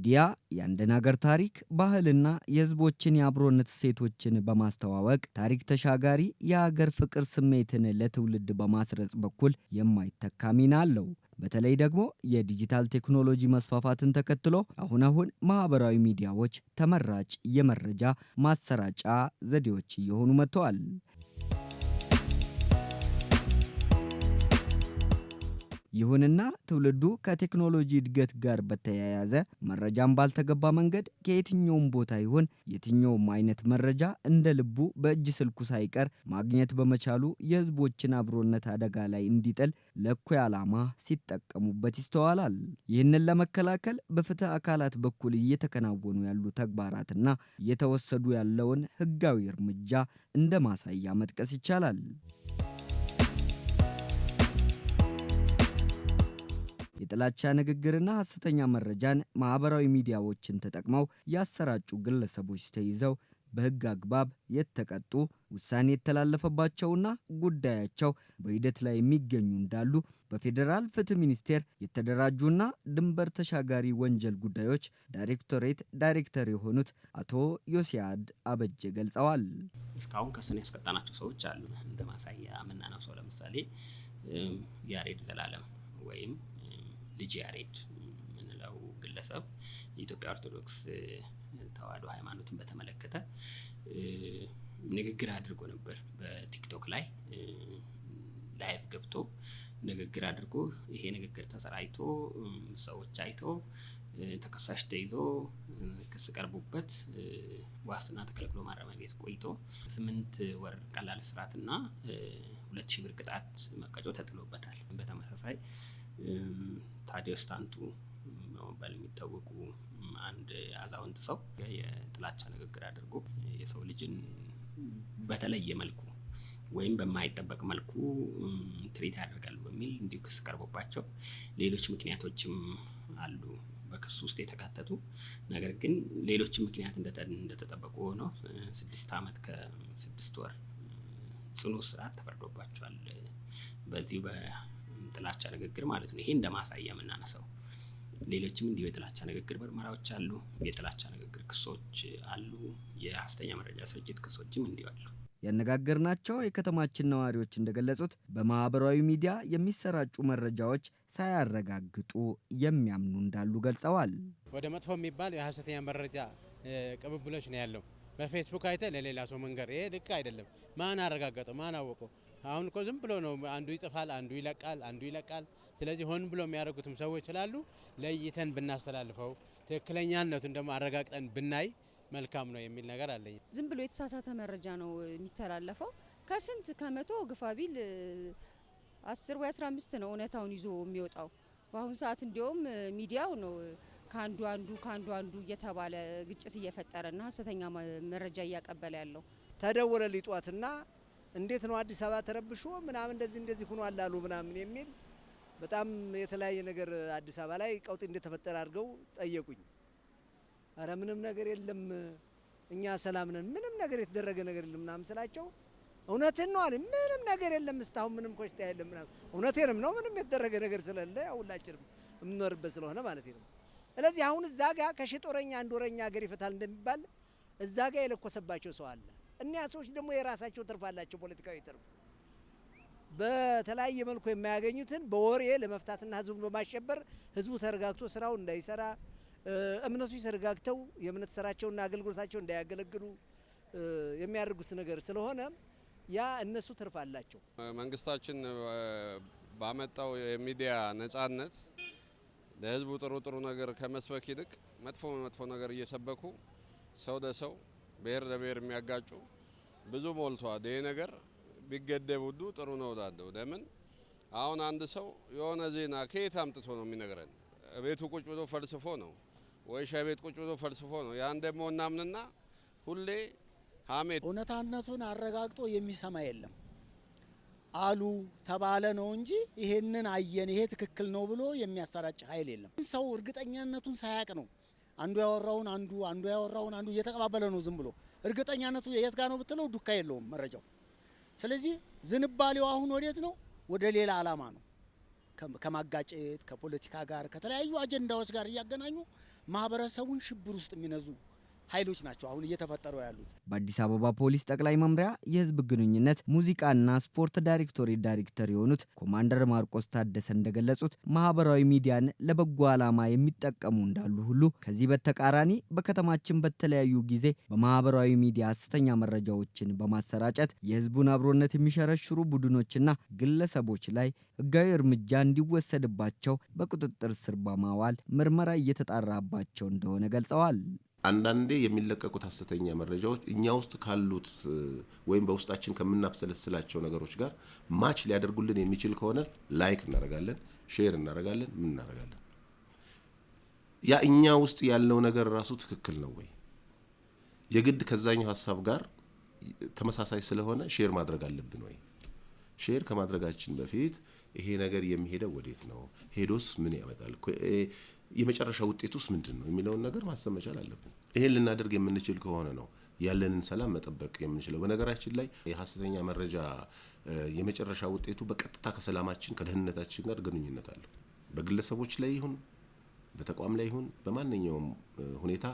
ሚዲያ የአንድን ሀገር ታሪክ፣ ባህልና የህዝቦችን የአብሮነት እሴቶችን በማስተዋወቅ ታሪክ ተሻጋሪ የሀገር ፍቅር ስሜትን ለትውልድ በማስረጽ በኩል የማይተካ ሚና አለው። በተለይ ደግሞ የዲጂታል ቴክኖሎጂ መስፋፋትን ተከትሎ አሁን አሁን ማህበራዊ ሚዲያዎች ተመራጭ የመረጃ ማሰራጫ ዘዴዎች እየሆኑ መጥተዋል። ይሁንና ትውልዱ ከቴክኖሎጂ እድገት ጋር በተያያዘ መረጃን ባልተገባ መንገድ ከየትኛውም ቦታ ይሁን የትኛውም አይነት መረጃ እንደ ልቡ በእጅ ስልኩ ሳይቀር ማግኘት በመቻሉ የሕዝቦችን አብሮነት አደጋ ላይ እንዲጥል ለእኩይ ዓላማ ሲጠቀሙበት ይስተዋላል። ይህንን ለመከላከል በፍትህ አካላት በኩል እየተከናወኑ ያሉ ተግባራትና እየተወሰዱ ያለውን ሕጋዊ እርምጃ እንደ ማሳያ መጥቀስ ይቻላል። የጥላቻ ንግግርና ሐሰተኛ መረጃን ማኅበራዊ ሚዲያዎችን ተጠቅመው ያሰራጩ ግለሰቦች ተይዘው በሕግ አግባብ የተቀጡ ውሳኔ የተላለፈባቸውና ጉዳያቸው በሂደት ላይ የሚገኙ እንዳሉ በፌዴራል ፍትህ ሚኒስቴር የተደራጁና ድንበር ተሻጋሪ ወንጀል ጉዳዮች ዳይሬክቶሬት ዳይሬክተር የሆኑት አቶ ዮሲያድ አበጀ ገልጸዋል። እስካሁን ከስን ያስቀጣናቸው ሰዎች አሉ። እንደ ማሳያ የምናነሳው ለምሳሌ ያሬድ ዘላለም ወይም ልጅ ያሬድ የምንለው ግለሰብ የኢትዮጵያ ኦርቶዶክስ ተዋህዶ ሃይማኖትን በተመለከተ ንግግር አድርጎ ነበር። በቲክቶክ ላይ ላይቭ ገብቶ ንግግር አድርጎ ይሄ ንግግር ተሰራይቶ ሰዎች አይቶ ተከሳሽ ተይዞ ክስ ቀርቦበት ዋስትና ተከልክሎ ማረሚያ ቤት ቆይቶ ስምንት ወር ቀላል ስርዓትና ሁለት ሺህ ብር ቅጣት መቀጮ ተጥሎበታል። በተመሳሳይ ታዲዮስ ታንቱ በመባል የሚታወቁ አንድ አዛውንት ሰው የጥላቻ ንግግር አድርጎ የሰው ልጅን በተለየ መልኩ ወይም በማይጠበቅ መልኩ ትሪት ያደርጋሉ በሚል እንዲሁ ክስ ቀርቦባቸው ሌሎች ምክንያቶችም አሉ በክሱ ውስጥ የተካተቱ ነገር ግን ሌሎችም ምክንያት እንደተጠበቁ ሆኖ ስድስት ዓመት ከስድስት ወር ጽኑ ስርዓት ተፈርዶባቸዋል። በዚህ የጥላቻ ንግግር ማለት ነው። ይሄ እንደ ማሳያ የምናነሳው ሌሎችም እንዲሁ የጥላቻ ንግግር ምርመራዎች አሉ፣ የጥላቻ ንግግር ክሶች አሉ፣ የሐሰተኛ መረጃ ስርጭት ክሶችም እንዲሁ አሉ። ያነጋገርናቸው የከተማችን ነዋሪዎች እንደገለጹት በማህበራዊ ሚዲያ የሚሰራጩ መረጃዎች ሳያረጋግጡ የሚያምኑ እንዳሉ ገልጸዋል። ወደ መጥፎ የሚባል የሐሰተኛ መረጃ ቅብብሎች ነው ያለው። በፌስቡክ አይተ ለሌላ ሰው መንገር ይሄ ልክ አይደለም። ማን አረጋገጠው? ማን አወቀው? አሁን እኮ ዝም ብሎ ነው አንዱ ይጥፋል፣ አንዱ ይለቃል፣ አንዱ ይለቃል። ስለዚህ ሆን ብሎ የሚያደርጉትም ሰዎች ስላሉ ለይተን ብናስተላልፈው ትክክለኛነቱን ደግሞ አረጋግጠን ብናይ መልካም ነው የሚል ነገር አለኝ። ዝም ብሎ የተሳሳተ መረጃ ነው የሚተላለፈው። ከስንት ከመቶ ግፋ ቢል አስር ወይ አስራ አምስት ነው እውነታውን ይዞ የሚወጣው። በአሁኑ ሰዓት እንዲሁም ሚዲያው ነው ከአንዱ አንዱ ከአንዱ አንዱ እየተባለ ግጭት እየፈጠረና ሀሰተኛ መረጃ እያቀበለ ያለው ተደወለ ሊጧትና እንዴት ነው አዲስ አበባ ተረብሾ ምናምን እንደዚህ እንደዚህ ሆኖ አላሉ ምናምን የሚል በጣም የተለያየ ነገር አዲስ አበባ ላይ ቀውጥ እንደተፈጠረ አድርገው ጠየቁኝ። አረ ምንም ነገር የለም እኛ ሰላም ነን፣ ምንም ነገር የተደረገ ነገር የለም ምናምን ስላቸው እውነትን ነው አለኝ። ምንም ነገር የለም እስካሁን ምንም ኮስታ የለም ምናምን። እውነቴንም ነው ምንም የተደረገ ነገር ስለሌለ ያው ሁላችንም የምንኖርበት ስለሆነ ማለት ነው። ስለዚህ አሁን እዛ ጋ ከሺህ ጦረኛ አንድ ወረኛ ሀገር ይፈታል እንደሚባል እዛ ጋ የለኮሰባቸው ሰው አለ። እኒያ ሰዎች ደግሞ የራሳቸው ትርፍ አላቸው፣ ፖለቲካዊ ትርፍ በተለያየ መልኩ የማያገኙትን በወሬ ለመፍታትና ህዝቡን በማሸበር ህዝቡ ተረጋግቶ ስራው እንዳይሰራ እምነቶች ተረጋግተው የእምነት ስራቸውና አገልግሎታቸው እንዳያገለግሉ የሚያደርጉት ነገር ስለሆነ ያ እነሱ ትርፍ አላቸው። መንግስታችን ባመጣው የሚዲያ ነጻነት ለህዝቡ ጥሩ ጥሩ ነገር ከመስበክ ይልቅ መጥፎ መጥፎ ነገር እየሰበኩ ሰው ለሰው ብሔር ለብሔር የሚያጋጩ ብዙ ሞልተዋል። ይሄ ነገር ቢገደብ ሁሉ ጥሩ ነው እላለሁ። ለምን አሁን አንድ ሰው የሆነ ዜና ከየት አምጥቶ ነው የሚነግረን? ቤቱ ቁጭ ብሎ ፈልስፎ ነው ወይ ሻይ ቤት ቁጭ ብሎ ፈልስፎ ነው። ያን ደግሞ እናምንና ሁሌ ሀሜት እውነታነቱን አረጋግጦ የሚሰማ የለም። አሉ ተባለ ነው እንጂ ይሄንን አየን ይሄ ትክክል ነው ብሎ የሚያሰራጭ ኃይል የለም። ሰው እርግጠኛነቱን ሳያቅ ነው አንዱ ያወራውን አንዱ አንዱ ያወራውን አንዱ እየተቀባበለ ነው ዝም ብሎ። እርግጠኛነቱ የት ጋር ነው ብትለው ዱካ የለውም መረጃው። ስለዚህ ዝንባሌው አሁን ወዴት ነው? ወደ ሌላ ዓላማ ነው። ከማጋጨት ከፖለቲካ ጋር ከተለያዩ አጀንዳዎች ጋር እያገናኙ ማህበረሰቡን ሽብር ውስጥ የሚነዙ ኃይሎች ናቸው አሁን እየተፈጠሩ ያሉት። በአዲስ አበባ ፖሊስ ጠቅላይ መምሪያ የህዝብ ግንኙነት ሙዚቃና ስፖርት ዳይሬክቶሬት ዳይሬክተር የሆኑት ኮማንደር ማርቆስ ታደሰ እንደገለጹት ማህበራዊ ሚዲያን ለበጎ ዓላማ የሚጠቀሙ እንዳሉ ሁሉ ከዚህ በተቃራኒ በከተማችን በተለያዩ ጊዜ በማህበራዊ ሚዲያ ሐሰተኛ መረጃዎችን በማሰራጨት የህዝቡን አብሮነት የሚሸረሽሩ ቡድኖችና ግለሰቦች ላይ ህጋዊ እርምጃ እንዲወሰድባቸው በቁጥጥር ስር በማዋል ምርመራ እየተጣራባቸው እንደሆነ ገልጸዋል። አንዳንዴ የሚለቀቁት ሀሰተኛ መረጃዎች እኛ ውስጥ ካሉት ወይም በውስጣችን ከምናብሰለስላቸው ነገሮች ጋር ማች ሊያደርጉልን የሚችል ከሆነ ላይክ እናደርጋለን፣ ሼር እናደርጋለን፣ ምን እናደርጋለን። ያ እኛ ውስጥ ያለው ነገር ራሱ ትክክል ነው ወይ የግድ ከዛኛው ሀሳብ ጋር ተመሳሳይ ስለሆነ ሼር ማድረግ አለብን ወይ? ሼር ከማድረጋችን በፊት ይሄ ነገር የሚሄደው ወዴት ነው? ሄዶስ ምን ያመጣል? የመጨረሻ ውጤቱስ ምንድን ነው የሚለውን ነገር ማሰብ መቻል አለብን። ይሄን ልናደርግ የምንችል ከሆነ ነው ያለንን ሰላም መጠበቅ የምንችለው። በነገራችን ላይ የሀሰተኛ መረጃ የመጨረሻ ውጤቱ በቀጥታ ከሰላማችን ከደህንነታችን ጋር ግንኙነት አለው። በግለሰቦች ላይ ይሁን በተቋም ላይ ይሁን በማንኛውም ሁኔታ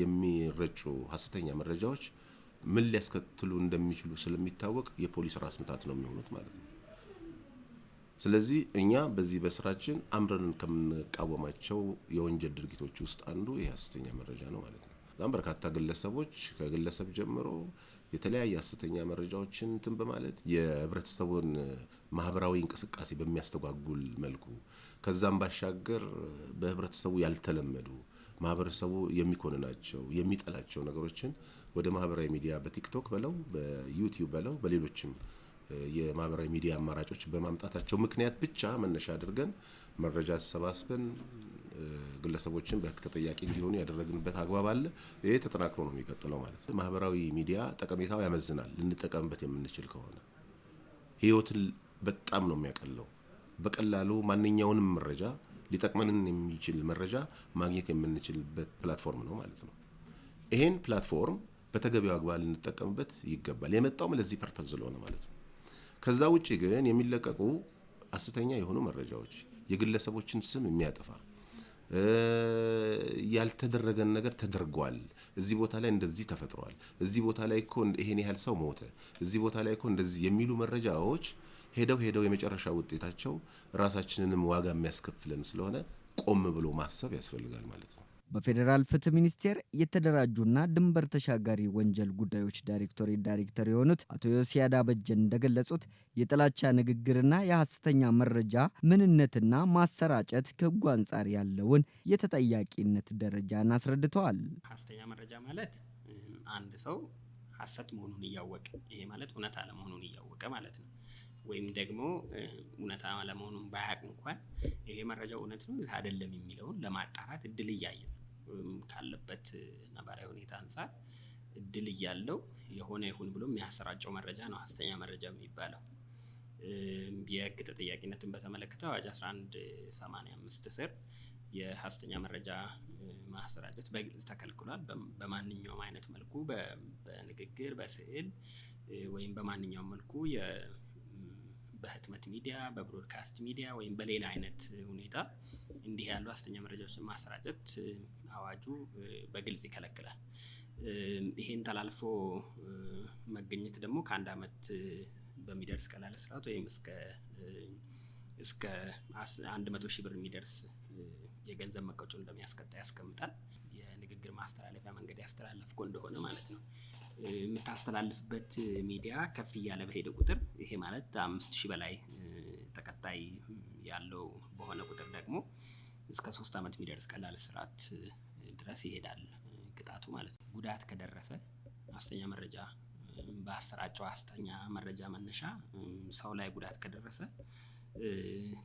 የሚረጩ ሀሰተኛ መረጃዎች ምን ሊያስከትሉ እንደሚችሉ ስለሚታወቅ የፖሊስ ራስ ምታት ነው የሚሆኑት ማለት ነው። ስለዚህ እኛ በዚህ በስራችን አምረንን ከምንቃወማቸው የወንጀል ድርጊቶች ውስጥ አንዱ ይህ ሐሰተኛ መረጃ ነው ማለት ነው። በጣም በርካታ ግለሰቦች ከግለሰብ ጀምሮ የተለያየ ሐሰተኛ መረጃዎችን እንትን በማለት የህብረተሰቡን ማህበራዊ እንቅስቃሴ በሚያስተጓጉል መልኩ ከዛም ባሻገር በህብረተሰቡ ያልተለመዱ ማህበረሰቡ የሚኮንናቸው የሚጠላቸው ነገሮችን ወደ ማህበራዊ ሚዲያ በቲክቶክ በለው በዩቲዩብ በለው በሌሎችም የማህበራዊ ሚዲያ አማራጮች በማምጣታቸው ምክንያት ብቻ መነሻ አድርገን መረጃ አሰባስበን ግለሰቦችን በህግ ተጠያቂ እንዲሆኑ ያደረግንበት አግባብ አለ። ይህ ተጠናክሮ ነው የሚቀጥለው ማለት ነው። ማህበራዊ ሚዲያ ጠቀሜታው ያመዝናል። ልንጠቀምበት የምንችል ከሆነ ህይወትን በጣም ነው የሚያቀለው። በቀላሉ ማንኛውንም መረጃ ሊጠቅመንን የሚችል መረጃ ማግኘት የምንችልበት ፕላትፎርም ነው ማለት ነው። ይሄን ፕላትፎርም በተገቢው አግባብ ልንጠቀምበት ይገባል። የመጣውም ለዚህ ፐርፐዝ ስለሆነ ማለት ነው። ከዛ ውጭ ግን የሚለቀቁ ሐሰተኛ የሆኑ መረጃዎች፣ የግለሰቦችን ስም የሚያጠፋ ያልተደረገን ነገር ተደርጓል፣ እዚህ ቦታ ላይ እንደዚህ ተፈጥሯል፣ እዚህ ቦታ ላይ እኮ ይሄን ያህል ሰው ሞተ፣ እዚህ ቦታ ላይ እኮ እንደዚህ የሚሉ መረጃዎች ሄደው ሄደው የመጨረሻ ውጤታቸው ራሳችንንም ዋጋ የሚያስከፍለን ስለሆነ ቆም ብሎ ማሰብ ያስፈልጋል ማለት ነው። በፌዴራል ፍትህ ሚኒስቴር የተደራጁና ድንበር ተሻጋሪ ወንጀል ጉዳዮች ዳይሬክቶሬት ዳይሬክተር የሆኑት አቶ ዮሲያዳ በጀን እንደገለጹት የጥላቻ ንግግርና የሐሰተኛ መረጃ ምንነትና ማሰራጨት ከህጉ አንጻር ያለውን የተጠያቂነት ደረጃን አስረድተዋል። ሐሰተኛ መረጃ ማለት አንድ ሰው ሐሰት መሆኑን እያወቀ ይሄ ማለት እውነት አለመሆኑን እያወቀ ማለት ነው። ወይም ደግሞ እውነት አለመሆኑን ባያውቅ እንኳን ይሄ መረጃ እውነት ነው አይደለም የሚለውን ለማጣራት እድል እያየ ካለበት ነባራዊ ሁኔታ አንጻር እድል እያለው የሆነ ይሁን ብሎ የሚያሰራጨው መረጃ ነው ሐሰተኛ መረጃ የሚባለው። የህግ ተጠያቂነትን በተመለከተ አዋጅ 1185 ስር የሀስተኛ መረጃ ማሰራጨት በግልጽ ተከልክሏል። በማንኛውም አይነት መልኩ በንግግር፣ በስዕል ወይም በማንኛውም መልኩ በህትመት ሚዲያ፣ በብሮድካስት ሚዲያ ወይም በሌላ አይነት ሁኔታ እንዲህ ያሉ አስተኛ መረጃዎችን ማሰራጨት አዋጁ በግልጽ ይከለክላል። ይሄን ተላልፎ መገኘት ደግሞ ከአንድ ዓመት በሚደርስ ቀላል ስርዓት ወይም እስከ አንድ መቶ ሺህ ብር የሚደርስ የገንዘብ መቀጮ እንደሚያስቀጣ ያስቀምጣል። የንግግር ማስተላለፊያ መንገድ ያስተላለፍኮ እንደሆነ ማለት ነው። የምታስተላልፍበት ሚዲያ ከፍ እያለ በሄደ ቁጥር ይሄ ማለት አምስት ሺህ በላይ ተከታይ ያለው በሆነ ቁጥር ደግሞ እስከ ሶስት ዓመት የሚደርስ ቀላል እስራት ድረስ ይሄዳል ቅጣቱ ማለት ነው። ጉዳት ከደረሰ አስተኛ መረጃ በአሰራጨው አስተኛ መረጃ መነሻ ሰው ላይ ጉዳት ከደረሰ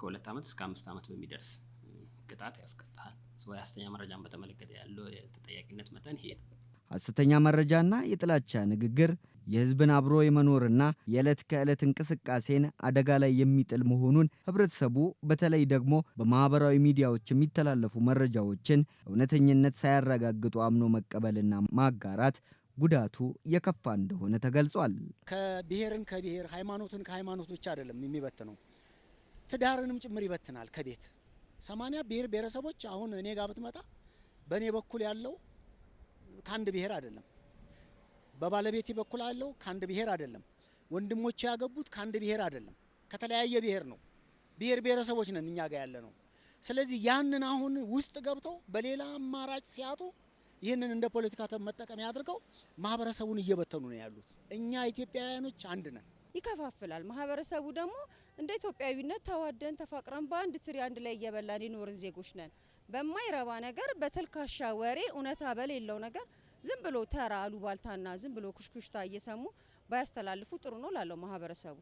ከሁለት ዓመት እስከ አምስት ዓመት በሚደርስ ቅጣት ያስቀጣል። ሐሰተኛ መረጃን በተመለከተ ያለው የተጠያቂነት መጠን ይሄ ነው። ሐሰተኛ መረጃና የጥላቻ ንግግር የሕዝብን አብሮ የመኖርና የዕለት ከዕለት እንቅስቃሴን አደጋ ላይ የሚጥል መሆኑን ህብረተሰቡ በተለይ ደግሞ በማህበራዊ ሚዲያዎች የሚተላለፉ መረጃዎችን እውነተኝነት ሳያረጋግጡ አምኖ መቀበልና ማጋራት ጉዳቱ የከፋ እንደሆነ ተገልጿል። ከብሔርን ከብሔር ሃይማኖትን ከሃይማኖት ብቻ አይደለም የሚበትነው፣ ትዳርንም ጭምር ይበትናል። ከቤት ሰማንያ ብሔር ብሔረሰቦች አሁን እኔ ጋር ብትመጣ በእኔ በኩል ያለው ከአንድ ብሔር አይደለም። በባለቤቴ በኩል አለው ከአንድ ብሔር አይደለም። ወንድሞቼ ያገቡት ከአንድ ብሔር አይደለም፣ ከተለያየ ብሔር ነው። ብሔር ብሔረሰቦች ነን እኛ ጋር ያለ ነው። ስለዚህ ያንን አሁን ውስጥ ገብተው በሌላ አማራጭ ሲያጡ ይህንን እንደ ፖለቲካ መጠቀሚያ አድርገው ማህበረሰቡን እየበተኑ ነው ያሉት። እኛ ኢትዮጵያውያኖች አንድ ነን። ይከፋፍላል። ማህበረሰቡ ደግሞ እንደ ኢትዮጵያዊነት ተዋደን ተፋቅረን በአንድ ትሪ አንድ ላይ እየበላን ይኖርን ዜጎች ነን። በማይረባ ነገር፣ በተልካሻ ወሬ፣ እውነታ በሌለው ነገር ዝም ብሎ ተራ አሉባልታና ዝም ብሎ ኩሽኩሽታ እየሰሙ ባያስተላልፉ ጥሩ ነው ላለው ማህበረሰቡ።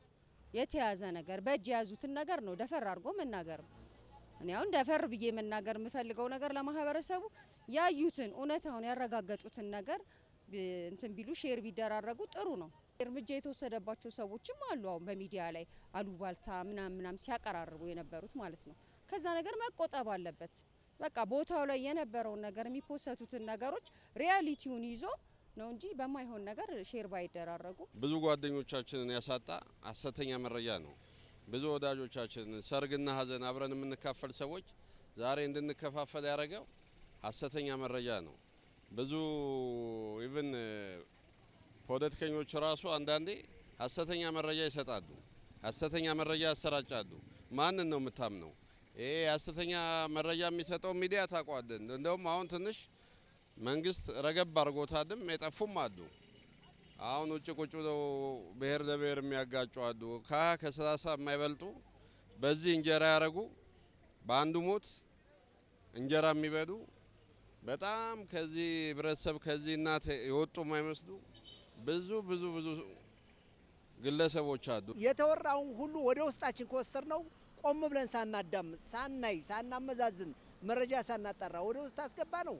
የተያዘ ነገር በእጅ የያዙትን ነገር ነው ደፈር አድርጎ መናገር ነው። እኔ አሁን ደፈር ብዬ መናገር የምፈልገው ነገር ለማህበረሰቡ ያዩትን እውነታውን ያረጋገጡትን ነገር እንትን ቢሉ ሼር ቢደራረጉ ጥሩ ነው። እርምጃ የተወሰደባቸው ሰዎችም አሉ። አሁን በሚዲያ ላይ አሉባልታ ምናም ምናም ሲያቀራርቡ የነበሩት ማለት ነው። ከዛ ነገር መቆጠብ አለበት። በቃ ቦታው ላይ የነበረውን ነገር የሚፖሰቱትን ነገሮች ሪያሊቲውን ይዞ ነው እንጂ በማይሆን ነገር ሼር ባይደራረጉ። ብዙ ጓደኞቻችንን ያሳጣ ሀሰተኛ መረጃ ነው። ብዙ ወዳጆቻችንን ሰርግና ሀዘን አብረን የምንካፈል ሰዎች ዛሬ እንድንከፋፈል ያደረገው ሀሰተኛ መረጃ ነው። ብዙ ኢቭን ፖለቲከኞች ራሱ አንዳንዴ ሀሰተኛ መረጃ ይሰጣሉ፣ ሀሰተኛ መረጃ ያሰራጫሉ። ማንን ነው የምታምነው? ይሄ ሀሰተኛ መረጃ የሚሰጠው ሚዲያ ታቋልን። እንደውም አሁን ትንሽ መንግስት ረገብ አድርጎታልም፣ የጠፉም አሉ። አሁን ውጭ ቁጭ ብለው ብሔር ለብሔር የሚያጋጩ አሉ። ከሀያ ከሰላሳ የማይበልጡ በዚህ እንጀራ ያረጉ በአንዱ ሞት እንጀራ የሚበሉ በጣም ከዚህ ህብረተሰብ ከዚህ እናት የወጡ የማይመስሉ ብዙ ብዙ ብዙ ግለሰቦች አሉ። የተወራውን ሁሉ ወደ ውስጣችን ከወሰድ ነው ቆም ብለን ሳናዳምጥ፣ ሳናይ፣ ሳናመዛዝን መረጃ ሳናጣራ ወደ ውስጥ አስገባ ነው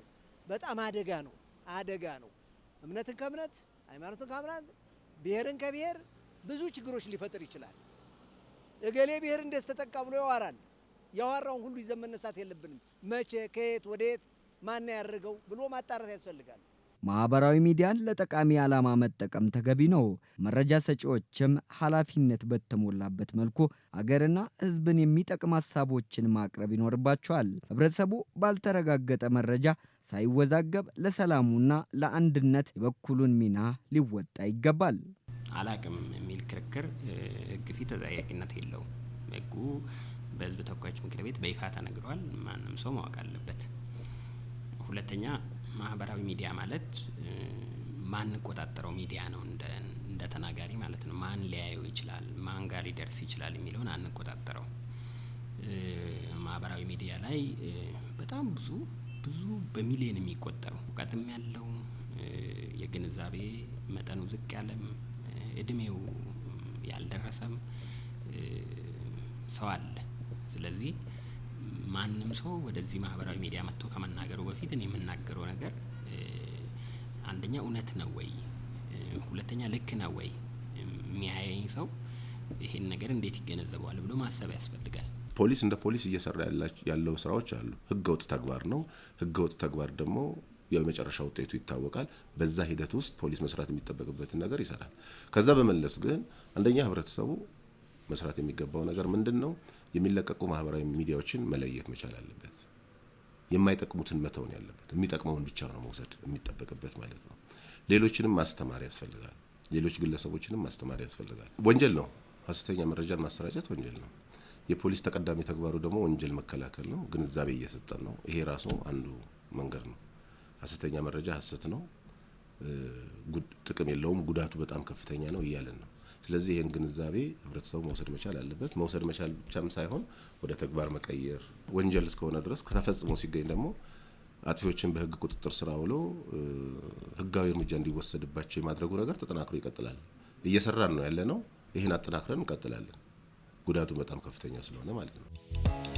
በጣም አደጋ ነው አደጋ ነው። እምነትን ከእምነት ሃይማኖትን ከሃይማኖት ብሔርን ከብሔር ብዙ ችግሮች ሊፈጥር ይችላል። እገሌ ብሔር እንደስ ተጠቃ ብሎ ያዋራል። ያዋራውን ሁሉ ይዘን መነሳት የለብንም። መቼ፣ ከየት፣ ወደየት፣ ማን ያደርገው ብሎ ማጣራት ያስፈልጋል። ማኅበራዊ ሚዲያን ለጠቃሚ ዓላማ መጠቀም ተገቢ ነው። መረጃ ሰጪዎችም ኃላፊነት በተሞላበት መልኩ አገርና ሕዝብን የሚጠቅም ሀሳቦችን ማቅረብ ይኖርባቸዋል። ህብረተሰቡ ባልተረጋገጠ መረጃ ሳይወዛገብ ለሰላሙና ለአንድነት የበኩሉን ሚና ሊወጣ ይገባል። አላቅም የሚል ክርክር ህግ ፊት ተጠያቂነት የለውም። ህጉ በህዝብ ተወካዮች ምክር ቤት በይፋ ተነግሯል። ማንም ሰው ማወቅ አለበት። ሁለተኛ ማህበራዊ ሚዲያ ማለት ማንቆጣጠረው ሚዲያ ነው እንደ እንደ ተናጋሪ ማለት ነው። ማን ሊያየው ይችላል፣ ማን ጋር ሊደርስ ይችላል የሚለውን አንቆጣጠረው። ማህበራዊ ሚዲያ ላይ በጣም ብዙ ብዙ በሚሊዮን የሚቆጠሩ እውቀትም ያለው የግንዛቤ መጠኑ ዝቅ ያለም እድሜው ያልደረሰም ሰው አለ። ስለዚህ ማንም ሰው ወደዚህ ማህበራዊ ሚዲያ መጥቶ ከመናገሩ በፊት እኔ የምናገረው ነገር አንደኛ እውነት ነው ወይ፣ ሁለተኛ ልክ ነው ወይ፣ የሚያየኝ ሰው ይሄን ነገር እንዴት ይገነዘበዋል ብሎ ማሰብ ያስፈልጋል። ፖሊስ እንደ ፖሊስ እየሰራ ያለው ስራዎች አሉ። ህገወጥ ተግባር ነው። ህገወጥ ተግባር ደግሞ የመጨረሻ ውጤቱ ይታወቃል። በዛ ሂደት ውስጥ ፖሊስ መስራት የሚጠበቅበትን ነገር ይሰራል። ከዛ በመለስ ግን አንደኛ ህብረተሰቡ መስራት የሚገባው ነገር ምንድን ነው? የሚለቀቁ ማህበራዊ ሚዲያዎችን መለየት መቻል አለበት። የማይጠቅሙትን መተውን ያለበት የሚጠቅመውን ብቻ ነው መውሰድ የሚጠበቅበት ማለት ነው። ሌሎችንም ማስተማር ያስፈልጋል። ሌሎች ግለሰቦችንም ማስተማር ያስፈልጋል። ወንጀል ነው። ሀሰተኛ መረጃን ማሰራጨት ወንጀል ነው። የፖሊስ ተቀዳሚ ተግባሩ ደግሞ ወንጀል መከላከል ነው። ግንዛቤ እየሰጠን ነው። ይሄ ራሱ አንዱ መንገድ ነው። ሀሰተኛ መረጃ ሀሰት ነው፣ ጥቅም የለውም፣ ጉዳቱ በጣም ከፍተኛ ነው እያለን ነው። ስለዚህ ይህን ግንዛቤ ህብረተሰቡ መውሰድ መቻል አለበት። መውሰድ መቻል ብቻም ሳይሆን ወደ ተግባር መቀየር፣ ወንጀል እስከሆነ ድረስ ከተፈጽሞ ሲገኝ ደግሞ አጥፊዎችን በህግ ቁጥጥር ስራ ውሎ ህጋዊ እርምጃ እንዲወሰድባቸው የማድረጉ ነገር ተጠናክሮ ይቀጥላል። እየሰራን ነው ያለ ነው። ይህን አጠናክረን እንቀጥላለን። ጉዳቱ በጣም ከፍተኛ ስለሆነ ማለት ነው።